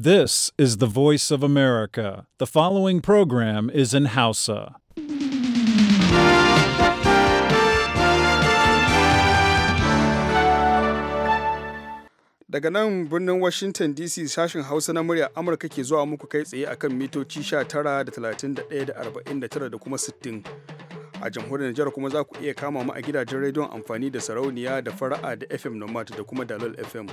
This is the voice of America. The following program is in Hausa. Daga nan birnin Washington DC sashen Hausa na murya Amurka ke zuwa muku kai tsaye akan mitoci 19 da 31 da 49 da kuma 60. a jamhuriyar Nijar kuma za ku iya kama mu a gidajen rediyon amfani da sarauniya da fara'a da FM Nomad da kuma Dalol FM.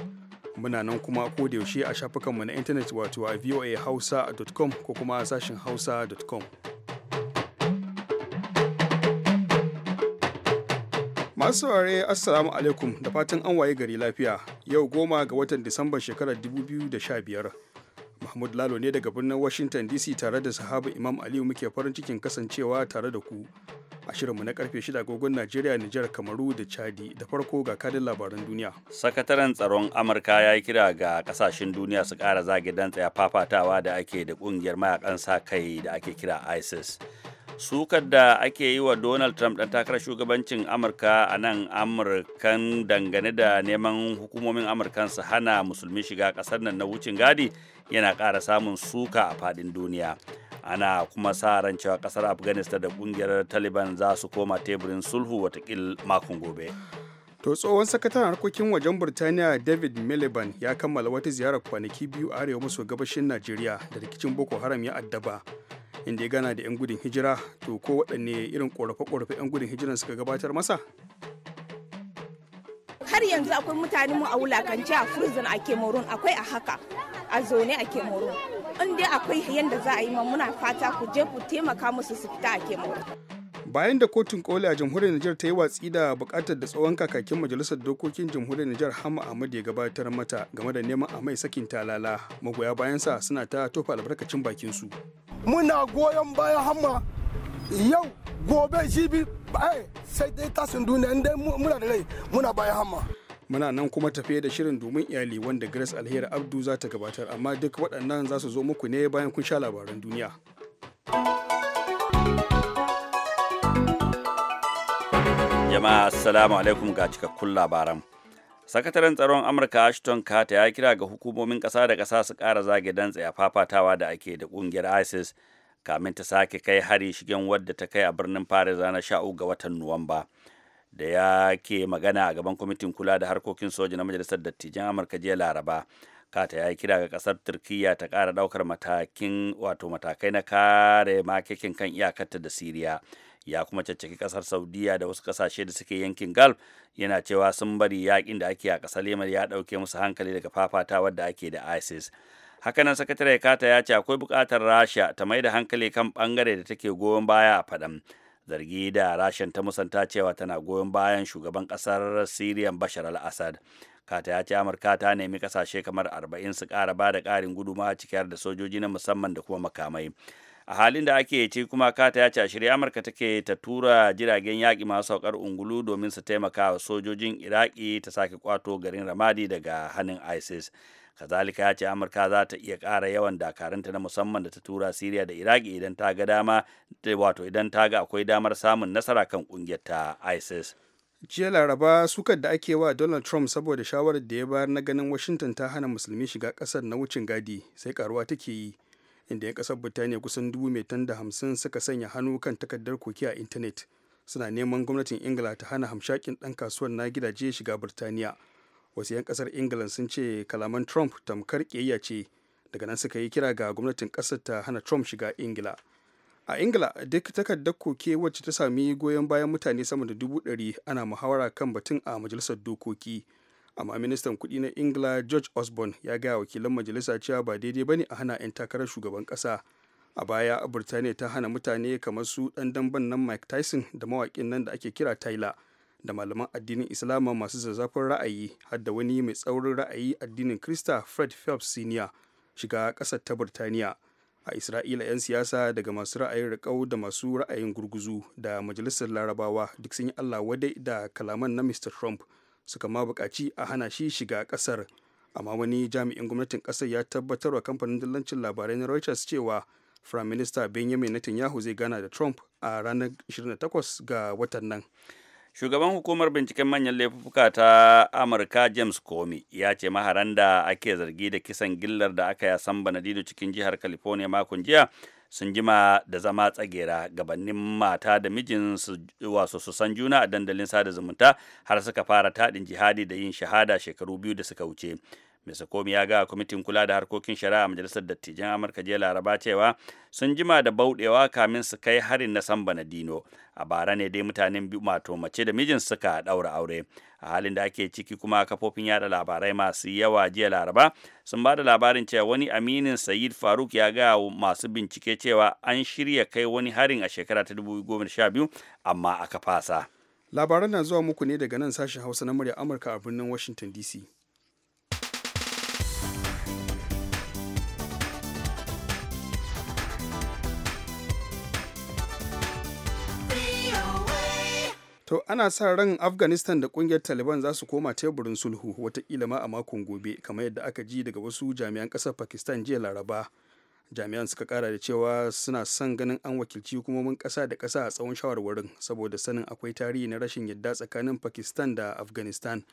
Muna nan kuma ko da yaushe a shafukanmu na intanet wato a voahausa.com ko kuma a sashin hausa.com. Masu saurare Assalamu alaikum da fatan an waye gari lafiya yau goma ga watan Disamban shekarar 2015. Mahmud Lalo ne daga birnin Washington DC tare da sahaba Imam Aliyu muke farin cikin kasancewa tare da ku a shirinmu na karfe 6 agogon Najeriya, Nijar, Kamaru da Chadi da farko ga kadin labaran duniya. Sakataren tsaron Amurka ya yi kira ga kasashen duniya su kara zage dan tsaya fafatawa da ake da kungiyar mayakan sa kai da ake kira ISIS. Sukar da ake yi wa Donald Trump dan takarar shugabancin Amurka a nan Amurkan dangane da neman hukumomin Amurkan su hana musulmi shiga kasar nan na wucin gadi yana kara samun suka a faɗin duniya. ana kuma sa ran cewa kasar afghanistan da kungiyar taliban za su koma teburin sulhu watakil makon gobe to tsohon sakataren harkokin wajen burtaniya david miliband ya kammala wata ziyarar kwanaki biyu a arewa maso gabashin najeriya da rikicin boko haram ya addaba inda ya gana da 'yan gudun hijira to ko waɗanne irin ƙorafe-ƙorafe 'yan gudun hijiran suka gabatar masa har yanzu akwai mutane mu a wulakance a furzin a cameroon akwai a haka a zaune a kemoro in dai akwai yadda za a yi muna fata ku je ku taimaka musu su fita a kemoro bayan da kotun koli a jamhuriyar Nijar ta yi watsi da bukatar da tsohon kakakin majalisar dokokin jamhuriyar Nijar Hama Ahmad ya gabatar mata game da neman a mai sakin talala magoya bayansa suna ta tofa albarkacin bakin su muna goyon bayan Hama yau gobe shi bi eh, sai dai tasin duniya inda muna da rai muna bayan Hama muna nan kuma tafiye da shirin domin iyali wanda grace alheri abdu za ta gabatar amma duk waɗannan za su zo muku ne bayan kun sha labaran duniya jama'a assalamu alaikum ga cikakkun labaran sakataren tsaron amurka ashton carter ya kira ga hukumomin ƙasa da ƙasa su kara zage dantse a fafatawa da ake da ƙungiyar isis kamin ta sake kai hari shigen wadda ta kai a birnin paris ranar 13 ga watan nuwamba da ya ke magana a gaban kwamitin kula da harkokin soja na majalisar dattijan amurka jiya laraba kata ya yi kira ga kasar turkiya ta kara daukar matakin wato matakai na kare makekin kan iyakarta da siriya ya kuma caccaki kasar saudiya da wasu kasashe da suke yankin gulf yana cewa sun bari yakin da ake a kasar yemen ya dauke musu hankali daga fafatawar da ake da isis hakanan sakatare kata ya ce akwai bukatar rasha ta mai da hankali kan bangare da take goyon baya a faɗan zargi da rashin ta musanta cewa tana goyon bayan shugaban kasar siriyan bashar al-assad kata ya ce amurka ta nemi kasashe kamar arba'in su kara ba da karin guduma cikiyar da sojoji na musamman da kuma makamai a halin da ake ci kuma kata ya ce shirya amurka take ta tura jiragen yaƙi masu saukar ungulu domin su taimaka wa sojojin iraki ta sake kwato garin ramadi daga hannun isis kazalika ya ce amurka za ta iya kara yawan dakarunta na musamman da ta tura siriya da iraki idan ta ga dama wato idan ta ga akwai damar samun nasara kan ƙungiyar ta isis jiya laraba sukar da ake wa donald trump saboda shawarar da ya bayar na ganin washington ta hana musulmi shiga kasar na wucin gadi sai karuwa take yi inda 'yan kasar birtaniya kusan dubu mai tanda hamsin suka sanya hannu kan takardar koki a intanet suna neman gwamnatin ingila ta hana hamshakin ɗan kasuwar na gidaje shiga birtaniya wasu 'yan kasar england sun ce kalaman trump tamkar ƙiyayya ce daga nan suka yi kira ga gwamnatin ƙasar ta hana trump shiga ingila a ingila duk takardar koke wacce ta sami goyon bayan mutane sama da dubu ɗari ana muhawara kan batun a majalisar dokoki amma ministan kuɗi na ingila george osborne ya gaya wakilan majalisa cewa ba daidai ba ne a hana 'yan takarar shugaban ƙasa a baya burtaniya ta hana mutane kamar su ɗan damben nan mike tyson da mawakin nan da ake kira tyler da malaman addinin islama masu zazzafin ra'ayi har da wani mai tsaurin ra'ayi addinin krista fred phelps senior shiga kasar ta birtaniya a isra'ila 'yan siyasa daga masu ra'ayin rikau da masu ra'ayin gurguzu da majalisar larabawa duk sun yi allah wadai da kalaman na mr trump suka ma buƙaci a hana shi shiga ƙasar amma wani jami'in gwamnatin ƙasar ya tabbatar wa kamfanin dillancin labarai na reuters cewa prime minister benjamin netanyahu zai gana da trump a ranar 28 ga watan nan shugaban hukumar binciken manyan laifuka ta amurka james comey ya ce maharan da ake zargi da kisan gillar da aka yasan banadido cikin jihar california makon jiya sun jima da zama tsagera gabanin mata da mijin wasu su san juna a dandalin sada zumunta har suka fara taɗin jihadi da yin shahada shekaru biyu da suka wuce Mr. komi ya ga kwamitin kula da harkokin shari'a a majalisar dattijan Amurka jiya Laraba cewa sun jima da bauɗewa kamin su kai harin na San dino A bara ne dai mutanen biyu mato mace da mijin suka ɗaura aure. A halin da ake ciki kuma kafofin yada labarai masu yawa jiya Laraba sun ba da labarin cewa wani aminin Sayid Faruk ya ga masu bincike cewa an shirya kai wani harin a shekara ta 2012 amma aka fasa. Labaran na zuwa muku ne daga nan sashen Hausa na murya Amurka a birnin Washington DC. To ana sa ran Afghanistan da kungiyar Taliban za su koma teburin sulhu watakila ma a makon gobe kamar yadda aka ji daga wasu jami'an kasar Pakistan jiya Laraba. Jami'an suka kara da cewa suna son ganin an wakilci hukumomin kasa da kasa a tsawon shawarwarin saboda sanin akwai tarihi na rashin yadda tsakanin Pakistan da Afghanistan.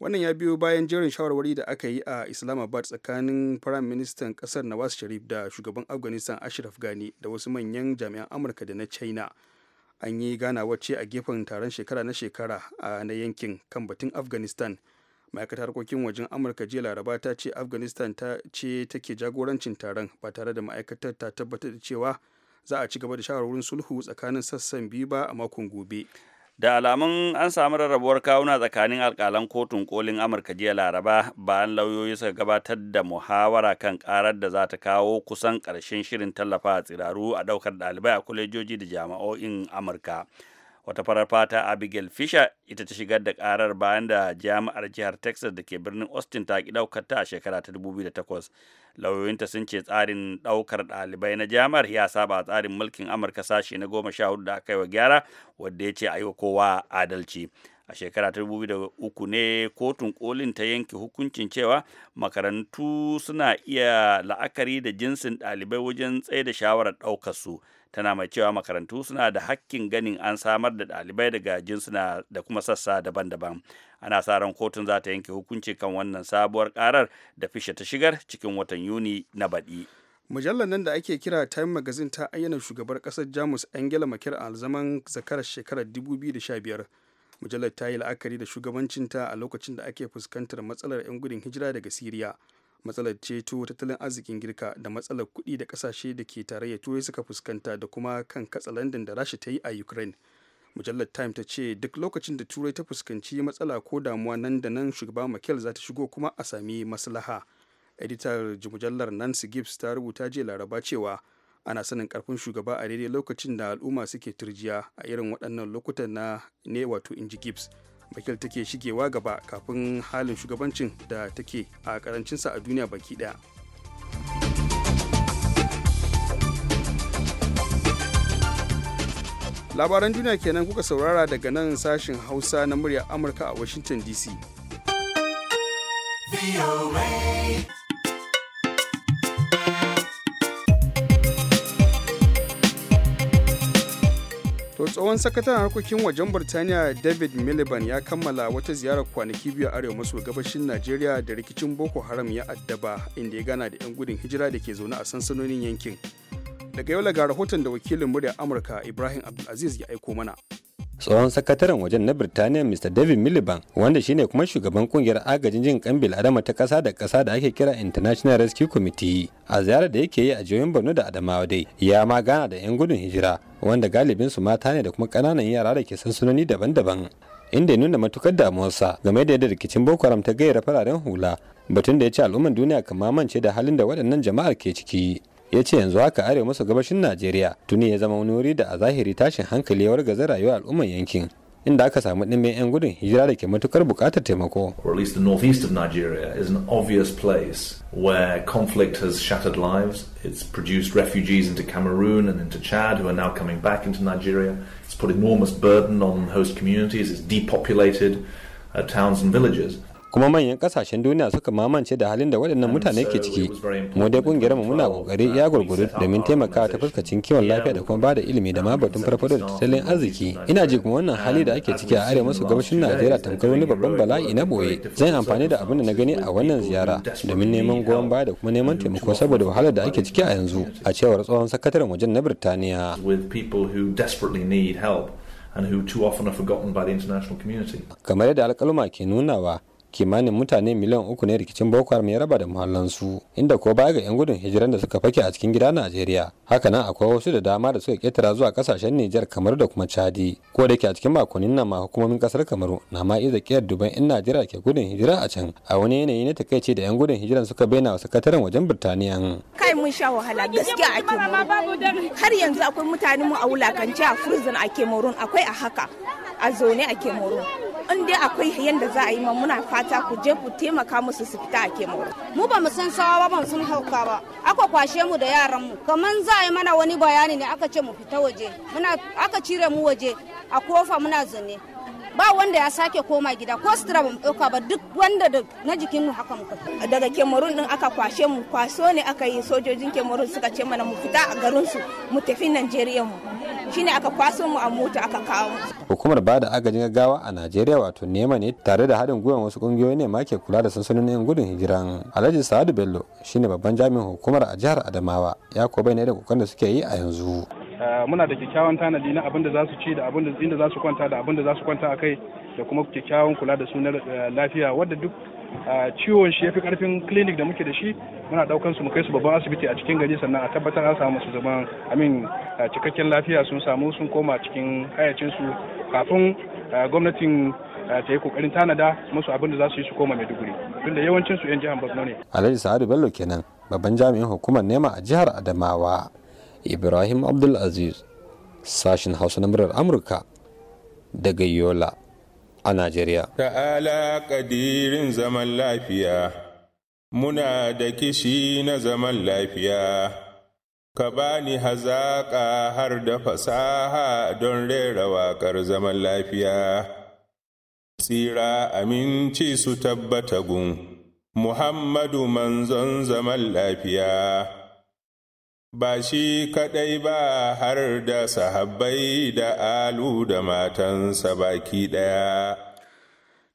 Wannan ya biyo bayan jerin shawarwari da aka yi a Islamabad tsakanin Firayim Ministan ƙasar Nawaz Sharif da shugaban Afghanistan Ashraf Ghani da wasu manyan jami'an Amurka da na China. an yi gana ce a gefen taron shekara na shekara a na yankin kan batun afghanistan ma'aikatar harkokin wajen amurka jiya laraba ta ce afghanistan ta ce take jagorancin taron ba tare da ma'aikatar ta tabbatar da cewa za a ci gaba da shawarwarin sulhu tsakanin sassan biyu ba a makon gobe da alamun an samu rarrabuwar kawuna tsakanin alkalan kotun kolin amurka jiya laraba bayan lauyoyi suka gabatar da muhawara kan karar da za ta kawo kusan karshen shirin tallafa a tsiraru a daukar ɗalibai a kwalejoji da jami'o'in amurka wata farar fata abigail fisher ita ta shigar da karar bayan da jami'ar jihar texas da ke birnin austin ta ki daukar ta a shekara ta 2008 lauyoyinta sun ce tsarin daukar dalibai na jami'ar ya saba tsarin mulkin amurka sashi na goma sha hudu da aka yi wa gyara wadda ya ce a yi wa kowa adalci a shekara ta uku ne kotun kolin ta yanke hukuncin cewa makarantu suna iya la'akari da jinsin ɗalibai wajen tsaye da shawarar ɗaukar su tana mai cewa makarantu suna da hakkin ganin an samar da ɗalibai daga jinsuna da kuma sassa daban-daban ana sa ran kotun za ta yanke hukunci kan wannan sabuwar karar da fishe ta shigar cikin watan yuni na baɗi mujallar nan da ake kira time magazine ta ayyana shugabar ƙasar jamus angela merkel a zaman zakarar shekarar 2015 mujallar ta yi la'akari da shugabancinta a lokacin da ake fuskantar matsalar 'yan gudun hijira daga siriya matsalar ceto tattalin arzikin girka da matsalar kuɗi da ƙasashe da ke tarayyar turai suka fuskanta da kuma kan katsa katsalandan da rasha ta yi a ukraine mujallar time ta ce duk lokacin da turai ta fuskanci matsala ko damuwa nan da nan shugaba makel za ta shigo kuma a sami maslaha editar mujallar nancy gibbs ta rubuta jiya laraba cewa ana sanin karfin shugaba a daidai lokacin da al'umma suke turjiya a irin waɗannan lokutan na ne wato inji gibbs makil take shigewa gaba kafin halin shugabancin da take a karancinsa a duniya baki daya labaran duniya kenan kuka saurara daga nan sashin hausa na murya amurka a washington dc tsohon sakataren harkokin wajen Birtaniya David miliban ya kammala wata ziyarar kwanaki biyu a arewa maso gabashin Najeriya da rikicin Boko Haram ya addaba inda ya gana da 'yan gudun hijira da ke zaune a sansanonin yankin. Daga yau ga rahoton da wakilin murya Amurka Ibrahim Abdulaziz ya aiko mana. tsohon sakataren wajen na birtaniya mr david miliban wanda shine kuma shugaban kungiyar agajin jin kan adama ta kasa da kasa da ake kira international rescue committee a ziyarar da yake yi a jihohin borno da adamawa dai ya ma gana da 'yan gudun hijira wanda galibin su mata ne da kuma kananan yara da ke sansunoni daban-daban inda ya nuna matukar damuwarsa game da yadda rikicin boko haram ta gayyara fararen hula batun da ya ce al'umman duniya kan mamance da halin da waɗannan jama'ar ke ciki ya ce yanzu haka arewa maso gabashin najeriya tuni ya zama wani wuri da a zahiri tashin hankali ya wargaza rayuwar al'ummar yankin inda aka samu ɗimbin 'yan gudun hijira da ke matukar buƙatar taimako. Or at least the northeast of Nigeria is an obvious place where conflict has shattered lives. It's produced refugees into Cameroon and into Chad who are now coming back into Nigeria. It's put enormous burden on host communities. It's depopulated uh, towns and villages. kuma manyan kasashen duniya suka mamance da halin da waɗannan mutane uh, ke ciki mu dai kungiyar mu muna kokari ya gurguru domin taimakawa ta fuskacin kiwon lafiya da kuma bada ilimi da ma batun farfado da tattalin arziki ina ji kuma wannan hali da ake ciki a arewa masu gabashin Najeriya tamkar wani babban bala'i na boye zan amfani da abin da na gani a wannan ziyara domin neman goyon baya da kuma neman taimako saboda wahalar da ake ciki a yanzu a cewar tsohon sakataren wajen na Birtaniya Kamar yadda alkaluma ke nunawa kimanin mutane miliyan uku ne rikicin boko haram ya raba da muhallansu inda ko baya ga yan gudun hijiran da suka fake a cikin gida najeriya hakanan akwai wasu da dama da suka ketara zuwa kasashen nijar kamar da kuma chadi ko da ke a cikin makonnin nan ma hukumomin kasar kamaru na ma iya kiyar duban in najeriya ke gudun hijira a can a wani yanayi na takaice da yan gudun hijiran suka bayyana wa sakataren wajen birtaniya kai mun sha wahala gaskiya a har yanzu akwai mutane mu a wulakance a furzin a kemarun akwai a haka a zaune a kemarun in dai akwai yanda za a yi ma muna fata mata ku je ku taimaka musu su fita a kemo mu ba mu san sawa ba mu san hauka ba aka kwashe mu da yaran mu kaman za a yi mana wani bayani ne aka ce mu fita waje muna aka cire mu waje a kofa muna zane ba wanda ya sake koma gida ko sutura ba mu ɗauka ba duk wanda na jikin mu haka muka daga kemarun din aka kwashe mu kwaso ne aka yi sojojin kemarun suka ce mana mu fita a garin su mu tafi najeriya mu shine aka kwaso mu a mota aka kawo mu hukumar ba da agajin gaggawa a najeriya wato nema ne tare da haɗin gwiwar wasu ƙungiyoyi ne ma ke kula da sansanonin yan gudun hijiran alhaji sa'adu bello shine babban jami'in hukumar a jihar adamawa ya ko bai ne da kokarin da suke yi a yanzu Eh, muna da kyakkyawan tanadi na abin da za su ci da abin da inda za su kwanta da abin da za su kwanta akai da kuma kyakkyawan kula da su na eh, lafiya wadda duk eh, ciwon shi fi karfin clinic da muke da shi muna daukan su mu kai su babban asibiti a cikin gari sannan a tabbatar an samu su zaman amin cikakken lafiya sun samu sun koma cikin hayacin su kafin gwamnatin ta yi kokarin tanada musu abin da za su yi su koma maiduguri tunda yawancin su yan jihar borno ne alhaji sa'adu bello kenan babban jami'in hukumar nema a jihar adamawa ibrahim abdulaziz sashen hausa na murar amurka daga yola a najeriya ta'ala kadirin zaman lafiya muna da kishi na zaman lafiya ka bani hazaƙa har da fasaha don rera waƙar zaman lafiya tsira aminci su tabbata gun muhammadu manzon zaman lafiya ba shi kaɗai ba har da sahabbai da alu da matansa baki ɗaya.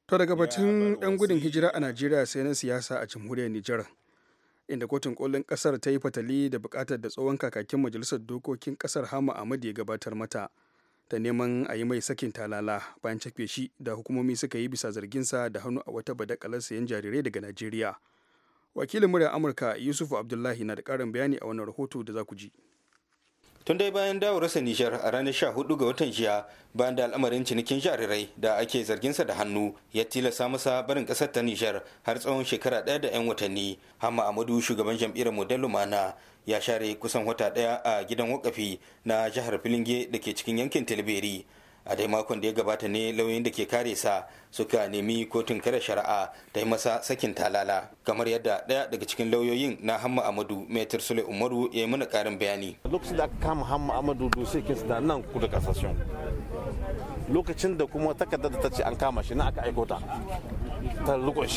To daga batun ɗan gudun hijira a Najeriya sai na siyasa a jamhuriyar Nijar. Inda kotun kolin ƙasar ta yi fatali da buƙatar da tsohon kakakin majalisar dokokin ƙasar Hama Ahmad ya gabatar mata ta neman a yi mai sakin talala bayan cafe shi da hukumomi suka yi bisa zarginsa da hannu a wata badakalar sayan jarirai daga Najeriya. wakilin muryar amurka yusuf abdullahi na da karin bayani a wannan rahoto da za ku ji tun dai bayan dawarsa nishar a ranar 14 ga watan jiya bayan da al'amarin cinikin jarirai da ake zarginsa da hannu ya tilasta masa barin kasar ta nishar har tsawon shekara ɗaya da 'yan watanni hamma amadu shugaban jam'iyyar model lumana ya share kusan wata ɗaya a gidan wakafi na jihar filinge da ke cikin yankin tilberi a dai makon da ya gabata ne lauyoyin da ke kare sa suka nemi kotun kare shari'a ta yi masa sakin talala kamar yadda ɗaya daga cikin lauyoyin na hamma amadu metir sule umaru ya yi mana karin bayani lokacin da aka kama hamma amadu dose kinsu da nan kudu kasashen lokacin da kuma takardar da ta ce an kama shi na aka aiko ta ta rikon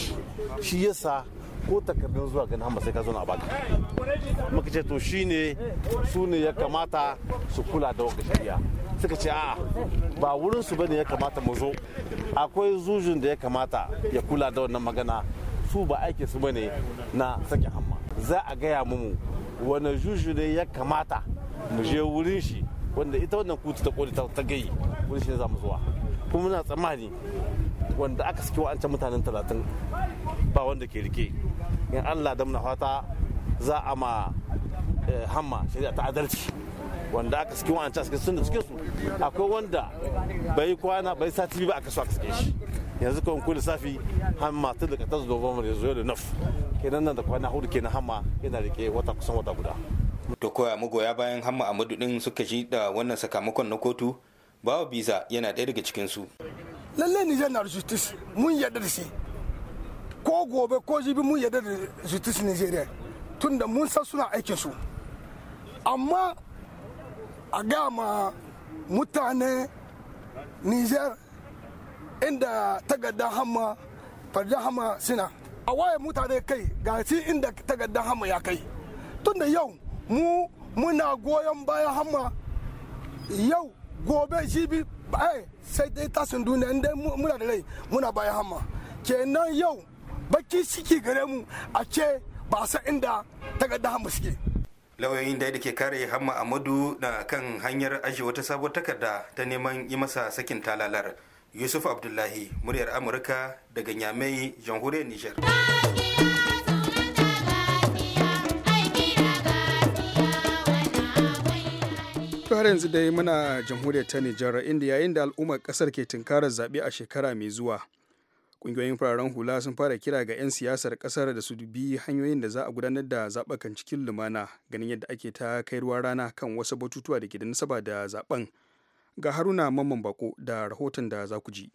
shi yasa ko takardun zuwa ganin hamma sai ka zo na baka muka ce to shine su ne ya kamata su kula da wakashiriya suka ce a ba wurinsu su bane ya kamata mu zo akwai zujin da ya kamata ya kula da wannan magana su ba aikin su bane na sake hamma za a gaya mu wani juju ne ya kamata mu je wurin shi wanda ita wannan kutu ta koli ta gayi wurin shi za mu zuwa kuma muna tsammani wanda aka saki wa'ancan mutanen talatin ba wanda ke rike in allah da muna fata za a ma eh, hamma shari'a ta adalci wanda aka saki wancan suke sun da suke su akwai wanda bai kwana bai sati biyu ba aka so suke shi yanzu kawai kun lissafi hamma tun da katar zuwa ba zuwa da naf kenan nan da kwana hudu kenan hamma yana rike wata kusan wata guda. to koya magoya bayan hamma amadu din suka ji da wannan sakamakon na kotu bawa biza yana ɗaya daga cikinsu. lallai nijar na da justice mun yadda da shi ko gobe ko jibi mun yadda da justice nigeria tunda mun san suna aikin su amma a gama mutane niger inda tagaddan hama farjan hama suna a waye mutane kai ga shi inda tagaddan hama ya kai tun yau mu muna goyon bayan hama yau gobe shi bi sai dai tasin duniya inda muna da rai muna bayan hama kenan yau baki ciki gare mu a ce ba san inda tagaddan hama suke lauyoyin da ke kare hamma amadu na kan hanyar ajiye wata sabuwar takarda ta neman yi masa sakin talalar yusuf abdullahi muryar amurka daga nyamai jamhuriyar nijar har yanzu dai muna jamhuriyar ta nijar inda yayin da al'ummar kasar ke tunkarar zaɓe a shekara mai zuwa Ƙungiyoyin fararen hula sun fara kira ga 'yan siyasar ƙasar da su dubi hanyoyin da za a gudanar da zaɓakan cikin lumana ganin yadda ake ta kai ruwa rana kan wasu batutuwa da ke da nasaba da zaɓen. Ga Haruna Mamman Bako da rahoton da za ku ji.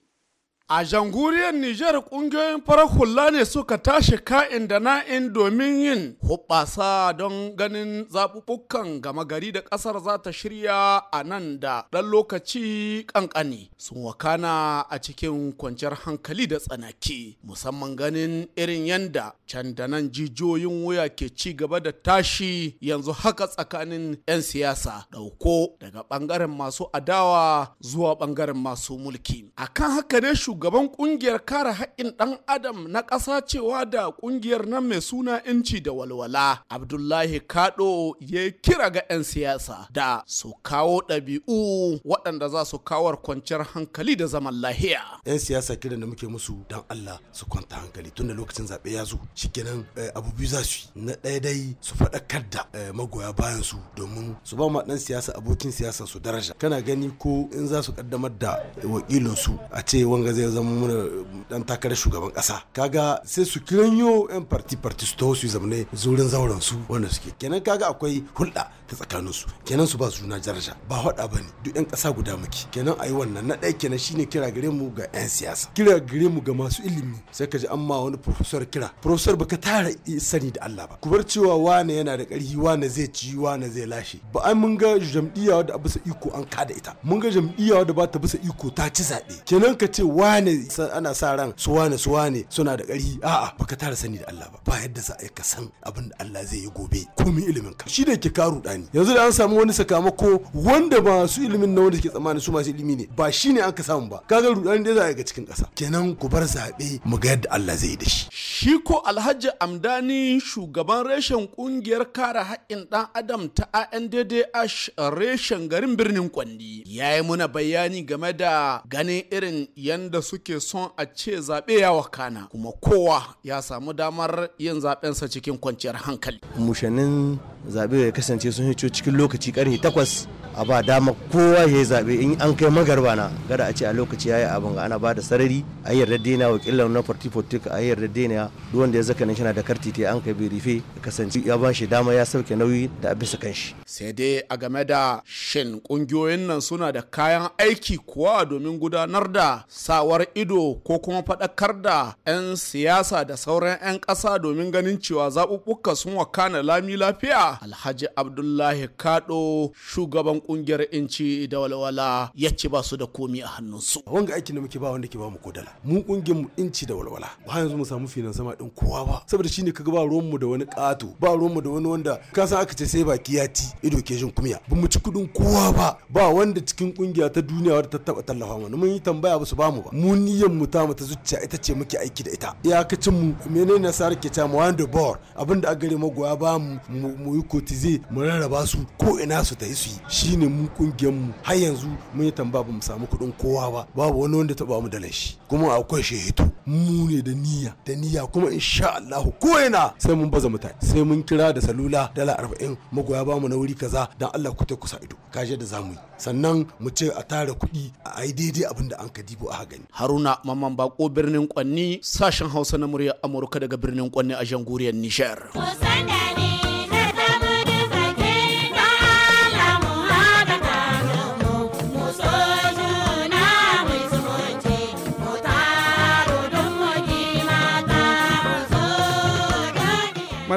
A jamhuriyar Nijar ƙungiyoyin farar hula ne suka tashi ka'in da na'in domin yin huɓasa don ganin zaɓuɓɓukan gama gari da ƙasar za ta shirya a nan da ɗan lokaci ƙanƙani sun wakana a cikin kwanciyar hankali da tsanaki musamman ganin irin yanda can da nan jijiyoyin wuya ke ci gaba da tashi yanzu haka tsakanin 'yan siyasa ɗauko daga ɓangaren masu adawa zuwa ɓangaren masu mulki. Akan haka ne shugaban kungiyar kare haƙƙin ɗan adam na ƙasa cewa da kungiyar nan mai suna inci da walwala abdullahi kado ya kira ga 'yan siyasa da su kawo ɗabi'u waɗanda za su kawar kwanciyar hankali da zaman lahiya 'yan siyasa kira da muke musu don allah su kwanta hankali tun da lokacin zaɓe ya zo shikenan eh, abubuwa za su na ɗaya dai su faɗakar da eh, magoya bayan su domin su ba ma ɗan siyasa abokin siyasa su daraja kana gani ko in za su ƙaddamar da wakilinsu a ce wanga zai zama mana dan takarar shugaban kasa kaga sai su kiranyo yan parti parti su taho su zamane zurin zauren su wanda suke kenan kaga akwai hulɗa ta tsakanin su kenan su ba su juna daraja ba hada bane duk yan kasa guda muke kenan ayi wannan na ɗaya kenan shine kira gare mu ga yan siyasa kira gare mu ga masu ilimi sai ka ji an ma wani professor kira professor baka tara sani da Allah ba kubar cewa wane yana da ƙarfi wane zai ci wane zai lashe ba ai mun ga jam'iyya da bisa iko an kada ita mun ga jam'iyya wadda ba ta bisa iko ta ci zaɓe kenan ka ce wa wane ana sa ran su wane su wane suna da ƙarfi a'a baka tara sani da Allah ba ba yadda za a yi ka san abin da Allah zai yi gobe komai ilimin ka shi da ke karu dani yanzu da an samu wani sakamako wanda ba su ilimin na wanda ke tsammani su masu ilimi ne ba shi ne an ka samu ba kaga rudani da za a yi ga cikin ƙasa kenan ku bar zaɓe mu ga yadda Allah zai yi da shi shi ko Alhaji Amdani shugaban reshen kungiyar kare haƙƙin dan adam ta ANDDH reshen garin birnin Kwandi yayi muna bayani game da ganin irin yanda da suke son a ce zaɓe ya wakana kuma kowa ya samu damar yin zaɓensa cikin kwanciyar hankali mushanin zaɓe ya kasance sun hito cikin lokaci karfe takwas a ba dama kowa ya yi zaɓe in an kai magarba na gada a ce a lokaci ya yi abin ga ana ba da sarari a yi yarda na wakilan na farti a yi yarda daina duk wanda ya zaka nan shana da karti ta an kai bai rufe kasance ya ba shi dama ya sauke nauyi da a bisa kanshi. sai dai a game da shin kungiyoyin nan suna da kayan aiki kuwa domin gudanar da sawar ido ko kuma faɗakar da 'yan siyasa da sauran 'yan ƙasa domin ganin cewa zaɓuɓɓuka sun wakana lami lafiya alhaji abdullahi kado shugaban kungiyar inci da walwala ya ci ba su da komi a hannunsu. wanga aikin da muke ba wanda ke ba mu kodala mu kungiyar mu inci da walwala ba yanzu mu samu finan sama din kowa ba saboda shine kaga ba ruwan mu da wani kato ba ruwan mu da wani wanda ka san aka ce sai baki ya ti ido ke jin kumiya ba mu ci kudin kowa ba ba wanda cikin kungiya ta duniya wadda ta taba tallafa mana mun yi tambaya ba su ba mu ba mu niyyar mu ta mata zuciya ita ce muke aiki da ita iyakacin mu menene nasarar ke ta mu wanda bor abinda a gare magoya ba mu mu yi kotize mu rarraba su ko ina su ta yi su yi shi shine mun kungiyar mu har yanzu mun yi tamba ba mu samu kuɗin kowa ba babu wani wanda taba mu da shi kuma akwai shehitu mu ne da niyya da niyya kuma insha Allah ko ina sai mun baza mutane sai mun kira da salula dala arba'in magoya ba mu na wuri kaza dan Allah ku ta kusa ido kaje da zamu yi sannan mu ce a tara kuɗi a ai daidai abin da an ka dibo a gani Haruna Mamman Bako birnin Kwanni sashen Hausa na murya Amurka daga birnin Kwanni a jamhuriyar Nijar.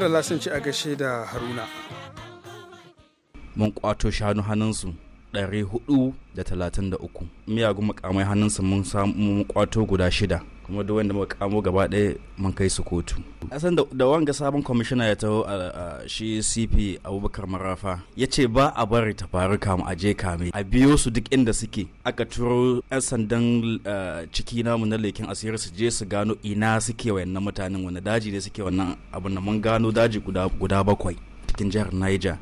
fara lasanci a gashe da haruna mun kwato shanu hannunsu 433 miyagun makamai hannunsu mun samu kwato guda shida kuma duk wanda muka kamo gaba ɗaya mun kai su kotu san da wanga sabon kwamishina ya taho shi cp abubakar marafa ya ce ba a bari ta faru kamu a je kame a biyo su duk inda suke aka turo 'yan sandan eh, ciki namu na lekin asiri su je su gano ina suke wayannan mutanen wani daji ne suke wannan abu na mun gano daji guda bakwai cikin jihar niger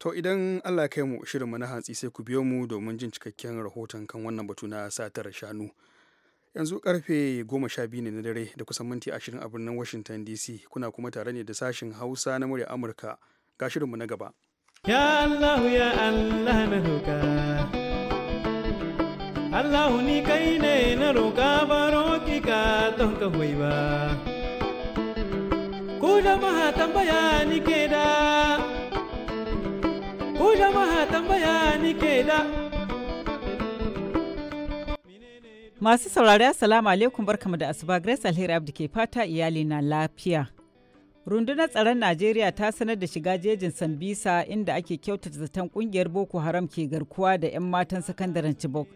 To idan Allah ya kai mu shirin na hantsi sai ku biyo mu domin jin cikakken rahoton kan wannan batu na satar shanu. yanzu karfe 12 ne na dare da kusan minti 20 a birnin washington dc kuna kuma tare ne da sashin hausa na murya amurka ga shirinmu na gaba ya Allahu ya allah na roka Allahu ni kai ne na roka baro ki ka don ka hoyi ba ku jama'a tambaya ni ke da ku jama'a tambaya ni ke da Masu saurari Assalamu alaikum barkamu da asuba Grace Alheri Abdi ke fata iyali na lafiya. Rundunar tsaron Najeriya ta sanar da shiga jejin Sambisa inda ake kyautata zaton kungiyar Boko Haram ke garkuwa da 'yan matan sakandaren Chibok.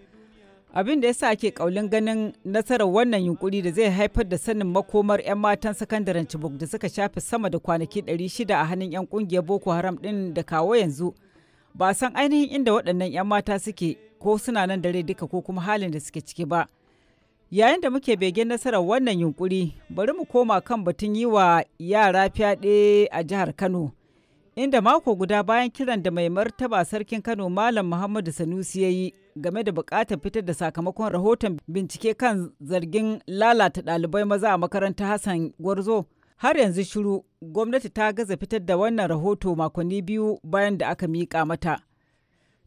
Abin da yasa ake kaulin ganin nasarar wannan yunkuri da zai haifar da sanin makomar 'yan matan sakandaren Chibok da suka shafe sama da kwanaki 600 a hannun 'yan kungiyar Boko Haram din da kawo yanzu ba san ainihin inda waɗannan 'yan mata suke ko suna nan dare duka ko kuma halin da suke ciki ba yayin da muke begen nasarar wannan yunkuri bari mu koma kan batun yi wa yara fyaɗe a jihar kano inda mako guda bayan kiran da mai martaba sarkin kano malam muhammadu sanusi ya yi game da bukatar fitar da sakamakon rahoton bincike kan zargin lalata ɗalibai maza a makarantar hassan gwarzo har yanzu shiru gwamnati ta gaza fitar da wannan rahoto makonni biyu bayan da aka miƙa mata.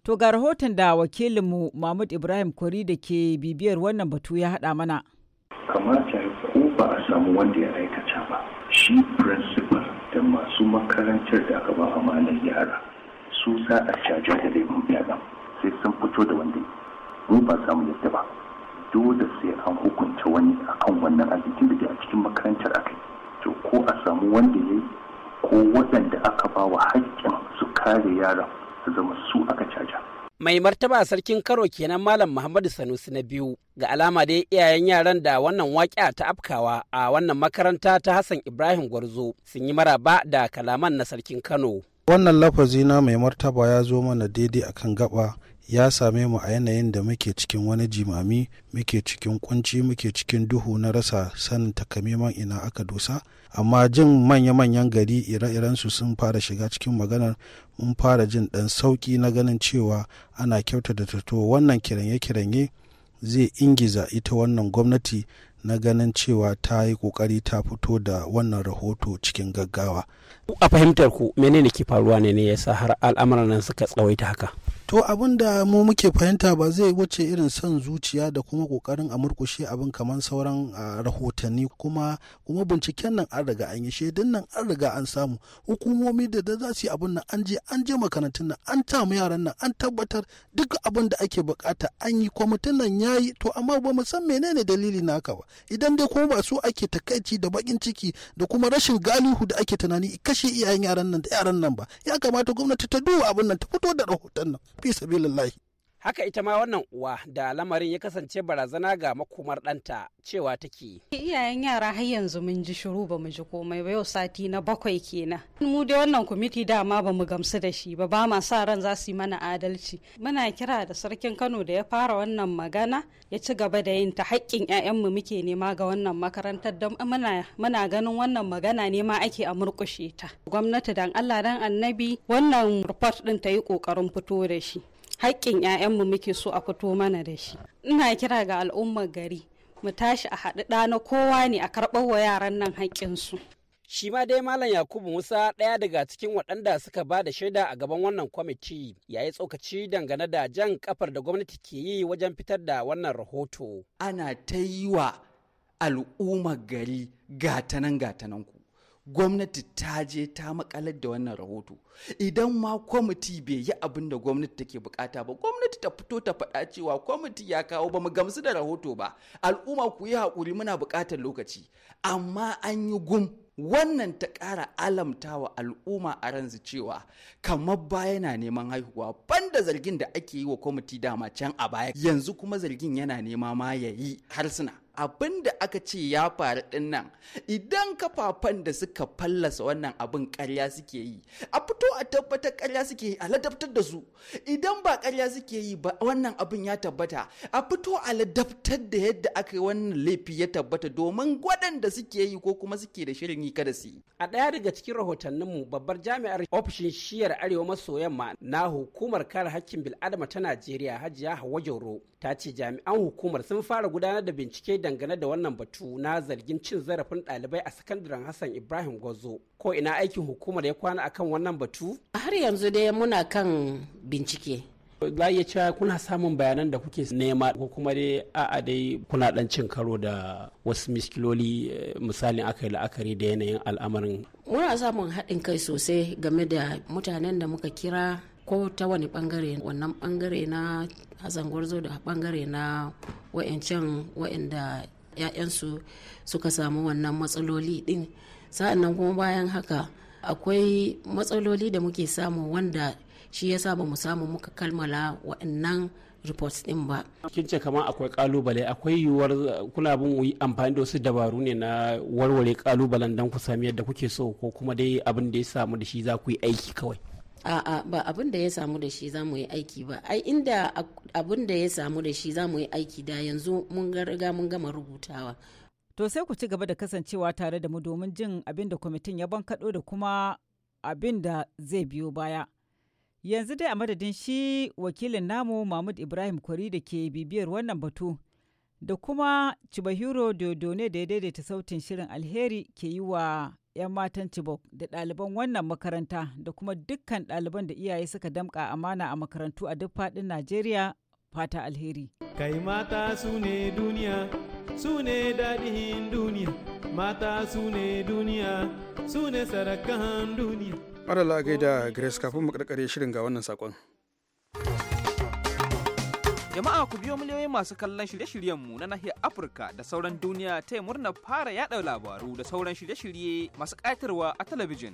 To ga rahoton da wakilinmu Mahmud Ibrahim Kwari da ke bibiyar wannan batu ya haɗa mana. Kamata ko ba a samu wanda ya aikata ba, shi principal da masu makarantar da aka ba amanar yara su za a caji da laifin yaran sai sun fito da wanda mu ba samu yadda ba. Dole sai an hukunta wani akan wannan da a cikin makarantar akai. wato ko a samu wanda ya ko waɗanda aka ba wa haƙƙin su kare su zama su aka caja. Mai martaba sarkin karo kenan Malam Muhammadu Sanusi na biyu ga alama dai iyayen yaran da wannan waƙa ta afkawa a wannan makaranta ta Hassan Ibrahim Gwarzo sun yi maraba da kalaman na sarkin Kano. Wannan lafazi na mai martaba ya zo mana daidai akan gaba ya same mu a yanayin da muke cikin wani jimami muke cikin kunci muke cikin duhu na rasa sanin takamaiman ina aka dosa amma jin manya-manyan gari ire-iren su sun fara shiga cikin maganar mun fara jin dan sauki na ganin cewa ana kyautata tato wannan kiranye-kiranye zai ingiza ita wannan gwamnati na ganin cewa ta yi kokari ta fito da wannan rahoto cikin gaggawa. A fahimtar ku menene ke faruwa ne ne ya sa har al'amuran nan suka tsawaita haka? to abin da mu muke fahimta ba zai wuce irin son zuciya da kuma kokarin a murkushe abin kamar sauran rahotanni kuma kuma binciken nan an riga an yi shaidun nan an riga an samu hukumomi da da za su yi abin nan an je an je makarantun nan an tamu yaran nan an tabbatar duk abin da ake bukata an yi kwamitin nan ya yi to amma ba mu san menene dalili na haka ba idan dai kuma ba su ake takaici da bakin ciki da kuma rashin galihu da ake tunani kashe iyayen yaran nan da yaran nan ba ya kamata gwamnati ta duba abin nan ta fito da rahoton nan fi sabilillahi haka ita ma wannan uwa da lamarin ya kasance barazana ga makomar ɗanta cewa take iyayen yara har yanzu mun ji shiru ba mu ji komai ba yau sati na bakwai kenan mu dai wannan kwamiti dama ba mu gamsu da shi ba ba ma sa ran za su yi mana adalci muna kira da sarkin kano da ya fara wannan magana ya ci gaba da yin ta haƙƙin mu muke nema ga wannan makarantar don muna ganin wannan magana ne ma ake a murƙushe ta gwamnati dan allah dan annabi wannan report ɗin ta yi ƙoƙarin fito da shi haƙƙin 'ya'yanmu muke so a fito mana da shi ina kira ga al'ummar gari mu tashi a haɗu ɗa na kowa ne a karɓar wa yaran nan haƙƙinsu Shi ma dai Malam Yakubu Musa ɗaya daga cikin waɗanda suka ba da shaida a gaban wannan kwamiti ya yi tsokaci dangane da jan kafar da gwamnati ke yi wajen fitar da wannan rahoto. Ana ta yi wa al'ummar gari gatanan gatananku gwamnati ta je ta makalar da wannan rahoto idan ma kwamiti bai yi abin da gwamnati take bukata ba gwamnati ta fito ta faɗa cewa kwamiti ya kawo ba mu gamsu da rahoto ba al'umma ku yi haƙuri muna buƙatar lokaci amma an yi gum wannan ta ƙara alamtawa al'umma a ranzu cewa kamar ba yana neman haihuwa banda zargin da ake yi wa kwamiti dama can a baya yanzu kuma zargin yana nema ma ya yi harsuna abin da aka ce ya faru din idan kafafen da suka fallasa wannan abin karya suke yi a fito a tabbatar karya suke yi a ladabtar da su idan ba karya suke yi ba wannan abin ya tabbata a fito a ladabtar da yadda aka yi wannan laifi ya tabbata domin waɗanda suke yi ko kuma suke da shirin yi kada su yi a ɗaya daga cikin rahotanninmu babbar jami'ar ofishin shiyar arewa maso yamma na hukumar kare hakkin bil'adama ta najeriya hajiya hawa jauro ta ce jami'an hukumar sun fara gudanar da bincike dangane da wannan batu na zargin cin zarafin ɗalibai a sakandaren hassan ibrahim gozo ko ina aikin hukumar ya kwana akan wannan batu har yanzu dai muna kan bincike za iya cewa kuna samun bayanan da kuke nema ko kuma dai a'a dai kuna dan cin karo da wasu miskiloli eh, misalin aka yi la'akari da yanayin al'amarin muna samun haɗin kai sosai game da mutanen da muka kira ko ta wani bangare wannan bangare na zangon zo da bangare na wa'ancan wa'anda 'ya'yansu suka samu wannan matsaloli din sa'annan kuma bayan haka akwai matsaloli da muke samu wanda shi ya ba mu samu muka kalmala wa'annan reports din ba. Kin ce kamar akwai kalubale akwai yiwuwar uh, kuna bin amfani da wasu dabaru ne na warware kalubalen don ku sami yadda kuke so ko kuma dai abin da ya samu da shi za ku yi aiki kawai. a'a ba abin da ya samu da shi za mu yi aiki ba ai inda abin da ya samu da shi za mu yi aiki da yanzu mun riga mun gama rubutawa to sai ku ci gaba da kasancewa tare da mu domin jin abin da kwamitin ya bankaɗo da kuma abin da zai biyo baya yanzu dai a madadin shi wakilin namu mahmud ibrahim kwari da ke bibiyar wannan batu da kuma Chibahiro Dodone da ya daidaita sautin shirin alheri ke yi wa 'yan matan Chibok da ɗaliban wannan makaranta da kuma dukkan ɗaliban da iyaye suka damƙa amana a makarantu a duk faɗin Najeriya fata alheri. Kai mata su ne duniya, su ne daɗin duniya, mata su ne duniya, su ne sarakan duniya. Marala gaida Grace kafin mu ƙarƙare shirin ga wannan saƙon. Jama'a ku biyo miliyoyin masu kallon shirye-shiryenmu na nahiyar Afirka da sauran duniya ta murna fara yada labaru da sauran shirye-shirye masu ƙayatarwa a talabijin.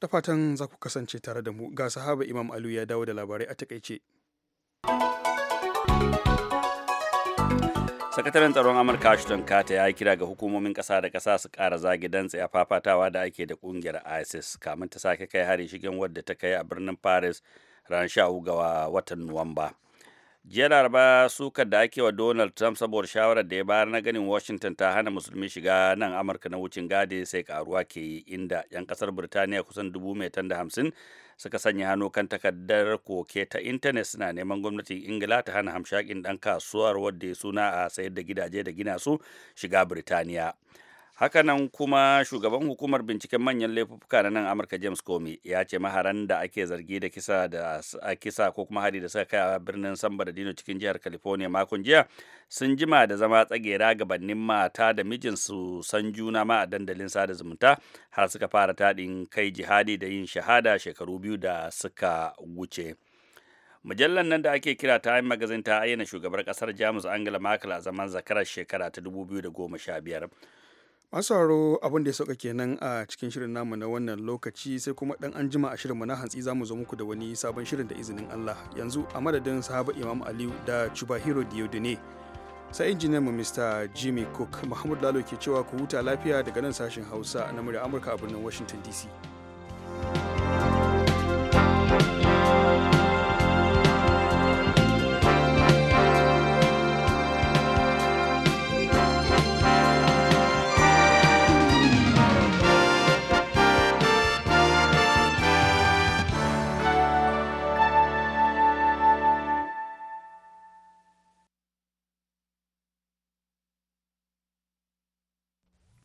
da fatan za ku kasance tare da mu ga sahaba imam alu ya dawo da labarai a takaice sakataren tsaron amurka ashton kata ya yi kira ga hukumomin kasa da kasa su kara zagi dantse tsaya fafatawa da ake da ƙungiyar isis kamin ta sake kai hari shigen wadda ta kai a birnin paris ranar 14 ga watan nuwamba jiya laraba sukar da ake wa donald trump saboda shawarar da ya bayar na ganin washington ta hana musulmi shiga nan amurka na wucin gadi sai karuwa ke yi inda 'yan kasar birtaniya kusan dubu mai da hamsin suka sanya hannu kan takardar koke ta intanet suna neman gwamnatin ingila ta hana hamshakin dan kasuwar wadda ya suna a sayar da gidaje da gina su shiga birtaniya haka nan kuma shugaban hukumar binciken manyan laifuka na nan amurka james comey ya ce maharan da ake zargi da kisa da kisa ko kuma hari da suka kai a birnin san bernardino cikin jihar california makon jiya sun jima da zama tsagera gabanin mata da mijinsu san juna ma a dandalin sada zumunta har suka fara taɗin kai jihadi da yin shahada shekaru biyu da suka wuce mujallar nan da ake kira ta yi magazin ta ayyana shugabar kasar Jamus Angela Merkel a zaman zakarar shekara ta 2015 masu abin da ya sauka kenan a cikin shirin namu na wannan lokaci sai kuma dan an jima a shirinmu na hantsi za mu zo muku da wani sabon shirin da izinin Allah yanzu a madadin sahaba imam aliyu da chubahiro diodone sai injiniyan mu mr jimmy cook muhammadu lalo ke cewa ku huta lafiya daga nan sashen hausa na murya amurka a birnin washington dc